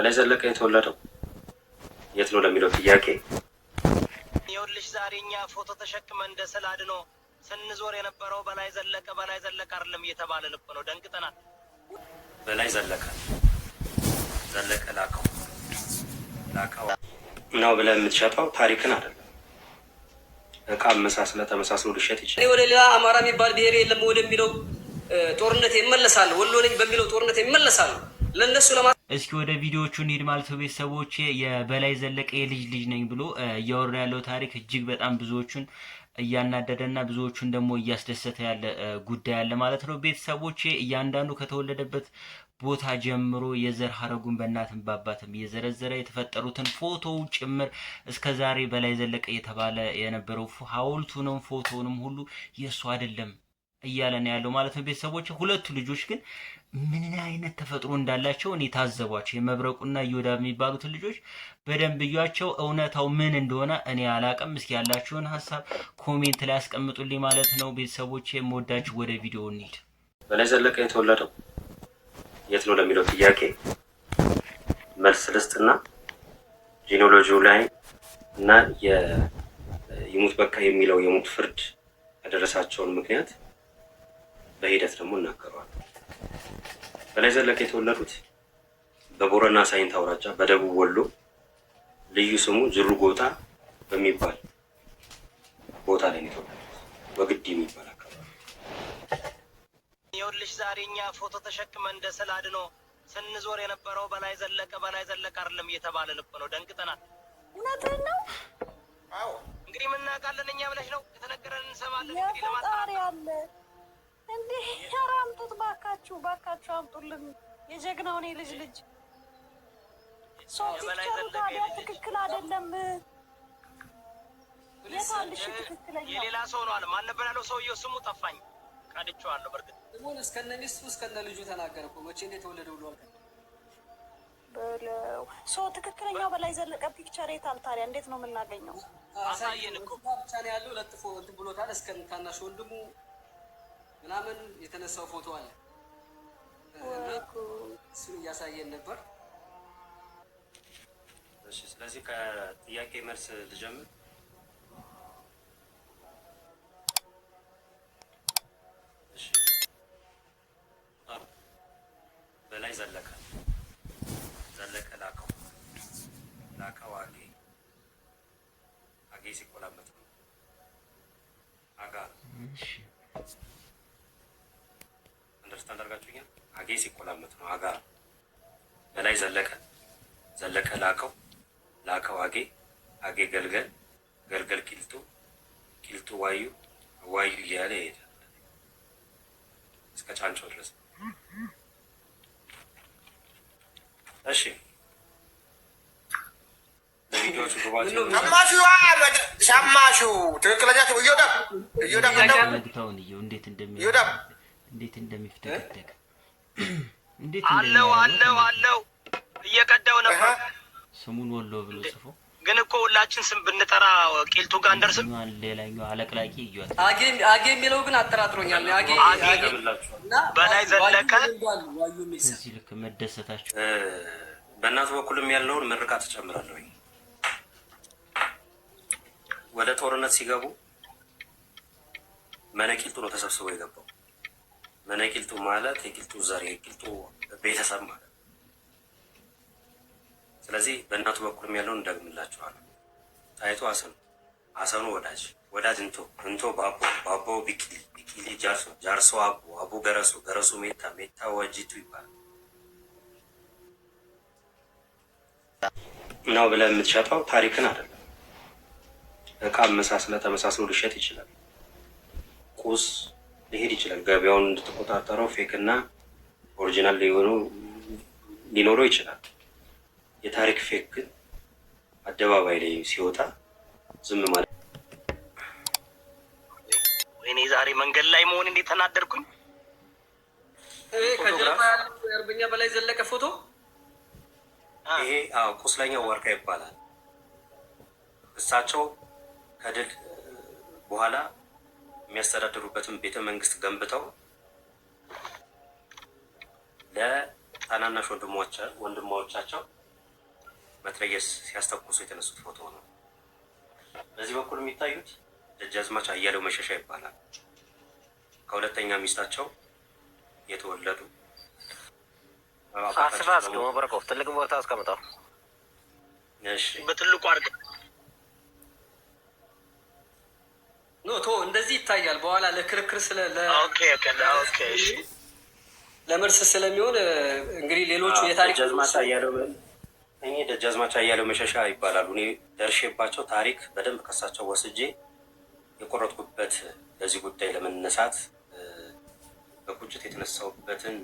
በላይ ዘለቀ የተወለደው የት ነው ለሚለው ጥያቄ ይኸውልሽ ዛሬ እኛ ፎቶ ተሸክመ እንደ ስል አድኖ ስንዞር የነበረው በላይ ዘለቀ በላይ ዘለቀ አይደለም እየተባለ ልብ ነው ደንግጠናል። በላይ ዘለቀ ዘለቀ ላከው ላከው ነው ብለህ የምትሸጠው ታሪክን አይደለም። እቃ መሳስለ ተመሳስሎ ልሸጥ ይችላል። ወደ ሌላ አማራ የሚባል ብሔር የለም ወደሚለው ጦርነት ይመለሳል። ወሎ ነኝ በሚለው ጦርነት ይመለሳል ለእነሱ ለማ እስኪ ወደ ቪዲዮቹ እንሂድ ማለት ነው። ቤተሰቦች የበላይ ዘለቀ የልጅ ልጅ ነኝ ብሎ እያወራ ያለው ታሪክ እጅግ በጣም ብዙዎቹን እያናደደና ብዙዎቹን ደግሞ እያስደሰተ ያለ ጉዳይ አለ ማለት ነው። ቤተሰቦች እያንዳንዱ ከተወለደበት ቦታ ጀምሮ የዘር ሀረጉን በእናትም በአባትም እየዘረዘረ የተፈጠሩትን ፎቶው ጭምር እስከ ዛሬ በላይ ዘለቀ እየተባለ የነበረው ሐውልቱንም ፎቶውንም ሁሉ የእሱ አይደለም እያለ ነው ያለው ማለት ነው። ቤተሰቦች ሁለቱ ልጆች ግን ምን አይነት ተፈጥሮ እንዳላቸው እኔ ታዘቧቸው። የመብረቁና እዮዳ የሚባሉትን ልጆች በደንብ እያቸው፣ እውነታው ምን እንደሆነ እኔ አላቅም። እስኪ ያላችሁን ሀሳብ ኮሜንት ላይ ያስቀምጡልኝ ማለት ነው። ቤተሰቦች የምወዳችሁ፣ ወደ ቪዲዮ እንሂድ። በላይ ዘለቀ የተወለደው የት ነው ለሚለው ጥያቄ መልስ ልስጥና ጂኖሎጂው ላይ እና የሞት በቃ የሚለው የሙት ፍርድ ያደረሳቸውን ምክንያት በሂደት ደግሞ እናገረዋል። በላይ ዘለቀ የተወለዱት በቦረና ሳይንት አውራጃ በደቡብ ወሎ ልዩ ስሙ ዝሩ ጎታ በሚባል ቦታ ላይ ነው የተወለዱት። ወግዲ የሚባል አካባቢ ይኸውልሽ፣ ዛሬ እኛ ፎቶ ተሸክመን እንደ ስዕል አድኖ ስንዞር የነበረው በላይ ዘለቀ በላይ ዘለቀ አይደለም እየተባለ ልብ ነው። ደንግጠናል። እውነትህን ነው። እንግዲህ የምናውቃለን እኛ ብለሽ ነው የተነገረን እንሰማለን። እንግዲህ ለማጣሪያ አለ እንዲህ ኧረ አምጡት ባካችሁ፣ ባካችሁ አምጡልን የጀግናውን የልጅ ልጅ ሰው። ፒክቸሩ ታዲያ ትክክል አይደለም። የታልሽ ትክክለኛ የሌላ ሰው ነው አለ። ማን ነበር ያለው ሰውዬው? ስሙ ጠፋኝ። ቀድቼዋለሁ። በእርግጥ ሆን እስከነ ሚስቱ እስከነ ልጁ ተናገረ እኮ መቼ እንደተወለደ ብሎ በለው ሰው። ትክክለኛው በላይ ዘለቀ ፒክቸር የታል ታዲያ? እንዴት ነው የምናገኘው? አሳየን እኮ ብቻ ነው ያለው ለጥፎ እንትን ብሎታል። እስከ ታናሽ ወንድሙ ምናምን የተነሳው ፎቶ አለ። እሱን እያሳየን ነበር። ስለዚህ ከጥያቄ መልስ ልጀምር። በላይ ዘለቀ ዘለቀ ላከው ላከው አጌ አጌ ሲቆላበት ነው አጋ ሲቆላመጥ ነው። አጋራ በላይ ዘለቀ፣ ዘለቀ ላቀው፣ ላከው ላከው አጌ ገልገል፣ ገልገል ቂልጡ፣ ኪልቱ ኪልቱ ዋዩ ዋዩ እያለ ይሄዳል እስከ ጫንጮ ድረስ። እሺ ሻማሹ ትክክለኛ እዮዳብ እዮዳብ እንዴት እንደሚፈተግ እንዴት አለው አለው አለው እየቀዳው ነበር። ስሙን ወሎ ብሎ ጽፎ ግን እኮ ሁላችን ስም ብንጠራ ቂልቱ ጋር እንደርስም። ሌላኛው አለቅላቂ እያት አጌ አጌ የሚለው ግን አጠራጥሮኛል። አጌ አጌ በላይ ዘለቀ እዚህ ልክ መደሰታችሁ በእናቱ በኩልም ያለውን ምርቃት እጨምራለሁ። ወደ ጦርነት ሲገቡ መነቂልጡ ነው ተሰብስበው የገባው። መነቂልጡ ማለት የቂልጡ ዘር የቂልጡ ቤተሰብ ማለት ነው። ስለዚህ በእናቱ በኩልም ያለውን እንደግምላችኋለን። ታይቶ አሰኑ ወዳጅ፣ ወዳጅ እንቶ፣ እንቶ ባቦ፣ ባቦ ቢቂሊ፣ ቢቂሊ ጃርሶ፣ ጃርሶ አቦ፣ አቦ ገረሱ፣ ገረሱ ሜታ፣ ሜታ ወጂቱ ይባላል። ነው ብለህ የምትሸጠው ታሪክን አይደለም። እቃ መሳስለ ተመሳስሎ ሊሸጥ ይችላል። ቁስ ሊሄድ ይችላል። ገበያውን እንድትቆጣጠረው ፌክና ኦሪጂናል ሊሆኑ ሊኖረው ይችላል። የታሪክ ፌክ ግን አደባባይ ላይ ሲወጣ ዝም ማለት ወይኔ፣ ዛሬ መንገድ ላይ መሆን እንዴት ተናደርኩኝ። አርበኛ በላይ ዘለቀ ፎቶ ይሄ ቁስለኛው ዋርካ ይባላል። እሳቸው ከድል በኋላ የሚያስተዳድሩበትን ቤተ መንግስት ገንብተው ለታናናሽ ወንድማዎቻቸው መትረየስ ሲያስተኩሱ የተነሱት ፎቶ ነው። በዚህ በኩል የሚታዩት ደጃዝማች አያሌው መሸሻ ይባላል። ከሁለተኛ ሚስታቸው የተወለዱ አስራ ትልቅ ቦታ አስቀምጠው በትልቁ ኖቶ እንደዚህ ይታያል። በኋላ ለክርክር ስለ ለመልስ ስለሚሆን እንግዲህ ሌሎቹ የታሪክ እኔ ደጃዝማች አያሌው መሸሻ ይባላሉ። እኔ ደርሼባቸው ታሪክ በደንብ ከሳቸው ወስጄ የቆረጥኩበት ለዚህ ጉዳይ ለመነሳት በቁጭት የተነሳሁበትን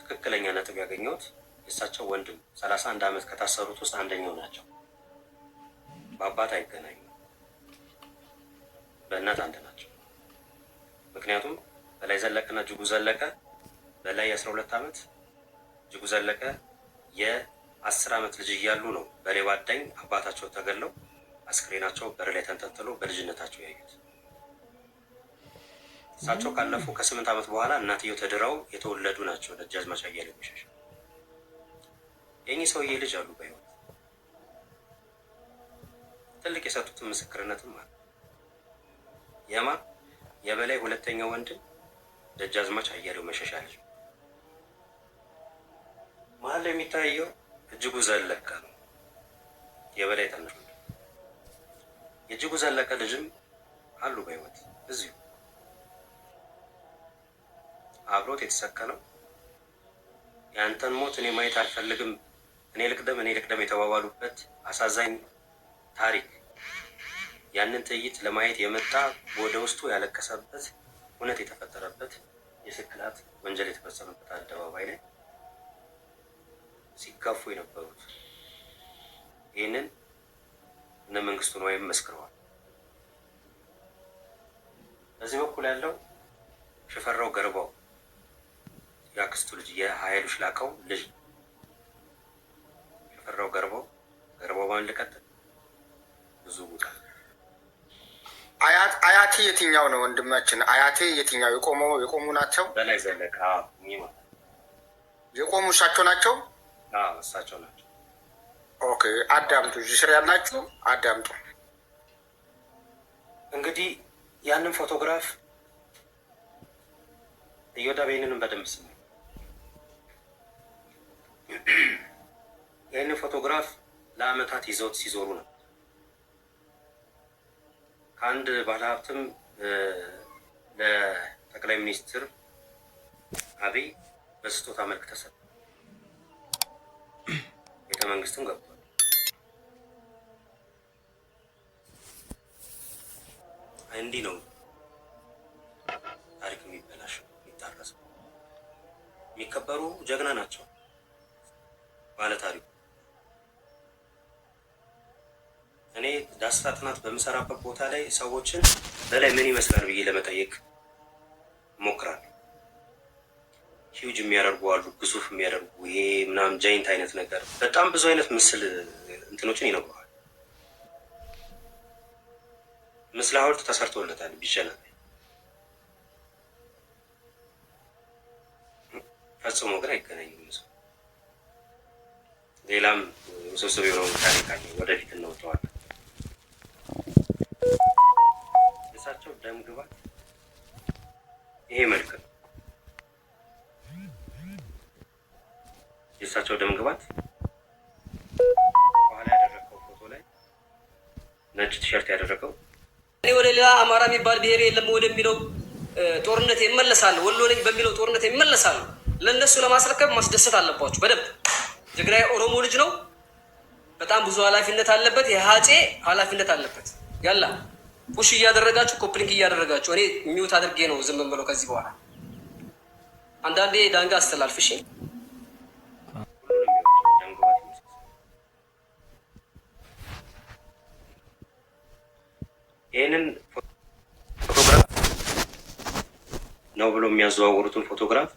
ትክክለኛ ነጥብ ያገኘሁት የእሳቸው ወንድም ሰላሳ አንድ ዓመት ከታሰሩት ውስጥ አንደኛው ናቸው። በአባት አይገናኙ፣ በእናት አንድ ናቸው። ምክንያቱም በላይ ዘለቀና እጅጉ ዘለቀ በላይ 12 ዓመት እጅጉ ዘለቀ የ10 ዓመት ልጅ እያሉ ነው በሬ አዳኝ አባታቸው ተገለው አስክሬናቸው በር ላይ ተንጠልጥሎ በልጅነታቸው ያዩት። እሳቸው ካለፉ ከስምንት ዓመት በኋላ እናትየው ተድረው የተወለዱ ናቸው። ደጃዝማች አያሌው መሸሻ የእኚህ ሰውዬ ልጅ አሉ በሕይወት ትልቅ የሰጡትን ምስክርነትም አለ። የማ የበላይ ሁለተኛው ወንድም ደጃዝማች አያሌው መሸሻ ልጅ መሀል ላይ የሚታየው እጅጉ ዘለቀ ነው። የበላይ ጠምር የእጅጉ ዘለቀ ልጅም አሉ በህይወት እዚሁ አብሮት የተሰቀለው የአንተን ሞት እኔ ማየት አልፈልግም፣ እኔ ልቅደም፣ እኔ ልቅደም የተባባሉበት አሳዛኝ ታሪክ ያንን ትዕይንት ለማየት የመጣ ወደ ውስጡ ያለቀሰበት እውነት የተፈጠረበት የስቅላት ወንጀል የተፈጸመበት አደባባይ ላይ ሲጋፉ የነበሩት። ይህንን እነ መንግስቱ ንዋይም መስክረዋል። በዚህ በኩል ያለው ሽፈራው ገርባው የአክስቱ ልጅ የሀይሉ ሽላቀው ልጅ ሽፈራው ገርባው ገርባው ባን ልቀጥል ብዙ ቦታ አያቴ የትኛው ነው ወንድማችን? አያቴ የትኛው የቆሙ የቆሙ ናቸው? በላይ ዘለቀ የቆሙ እሳቸው ናቸው። እሳቸው ናቸው። ኦኬ አዳምጡ፣ እዚህ ስር ያላችሁ አዳምጡ። እንግዲህ ያንን ፎቶግራፍ እዮዳቤንንም በደንብ ስሙ። ይህንን ፎቶግራፍ ለአመታት ይዘውት ሲዞሩ ነው። ከአንድ ባለሀብትም ለጠቅላይ ሚኒስትር አብይ በስጦታ መልክ ተሰጠ። ቤተ መንግስትም ገብቷል። እንዲህ ነው ታሪክ የሚበላሽ የሚታረሰው። የሚከበሩ ጀግና ናቸው ባለ ታሪኩ። እኔ ዳሰሳ ጥናት በምሰራበት ቦታ ላይ ሰዎችን በላይ ምን ይመስላል ብዬ ለመጠየቅ ሂውጅ የሚያደርጉ አሉ፣ ግዙፍ የሚያደርጉ ይሄ ምናም ጃይንት አይነት ነገር በጣም ብዙ አይነት ምስል እንትኖችን ይነግረዋል። ምስል ሐውልት ተሰርቶለታል ቢቻላል ፈጽሞ ግን አይገናኝም። ሌላም ውስብስብ የሆነው ታሪክ ወደፊት እናወጣዋለን። እሳቸው ደም ግባት ይሄ መልክ ነው። የእሳቸው ደም ግባት በኋላ ያደረገው ፎቶ ላይ ነጭ ቲሸርት ያደረገው እኔ ወደ ሌላ አማራ የሚባል ብሔር የለም ወደሚለው ጦርነት ይመለሳለሁ፣ ወሎ ነኝ በሚለው ጦርነት ይመለሳለሁ። ለእነሱ ለማስረከብ ማስደሰት አለባችሁ በደንብ። ትግራይ ኦሮሞ ልጅ ነው። በጣም ብዙ ኃላፊነት አለበት። የሀጼ ኃላፊነት አለበት። ያላ ፑሽ እያደረጋችሁ ኮፕሊንግ እያደረጋችሁ እኔ ሚውት አድርጌ ነው ዝም ብለው ከዚህ በኋላ አንዳንዴ ዳንጋ አስተላልፍሽ ይህንን ፎቶግራፍ ነው ብሎ የሚያዘዋውሩትን ፎቶግራፍ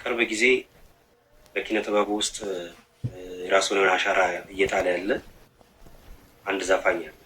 ቅርብ ጊዜ በኪነ ጥበቡ ውስጥ የራሱን የሆነ አሻራ እየጣለ ያለ አንድ ዘፋኝ አለ።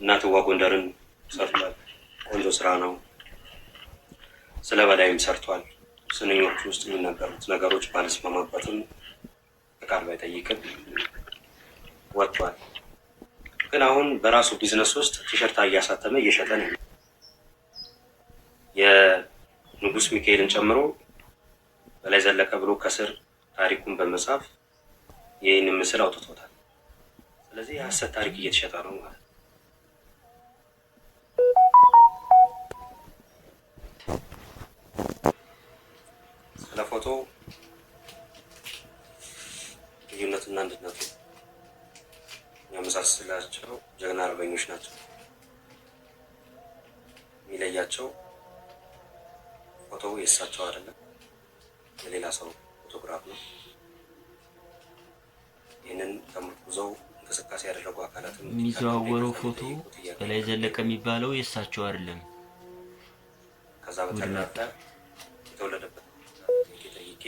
እናትዋ ጎንደርን ሰርቷል። ቆንጆ ስራ ነው። ስለ በላይም ሰርቷል። ስንኞቹ ውስጥ የሚነገሩት ነገሮች ባለስማማበትም ቃል ባይጠይቅም ወጥቷል። ግን አሁን በራሱ ቢዝነስ ውስጥ ቲሸርት እያሳተመ እየሸጠ ነው። የንጉስ ሚካኤልን ጨምሮ በላይ ዘለቀ ብሎ ከስር ታሪኩን በመጻፍ ይህንን ምስል አውጥቶታል። ስለዚህ የሀሰት ታሪክ እየተሸጠ ነው ማለት ነው። ናቸው፣ ጀግና አርበኞች ናቸው። የሚለያቸው ፎቶው የእሳቸው አይደለም፣ የሌላ ሰው ፎቶግራፍ ነው። ይህንን ተመርኩዘው እንቅስቃሴ ያደረጉ አካላት የሚዘዋወረው ፎቶ በላይ ዘለቀ የሚባለው የእሳቸው አይደለም። ከዛ በተረፈ የተወለደበት ጠይቄ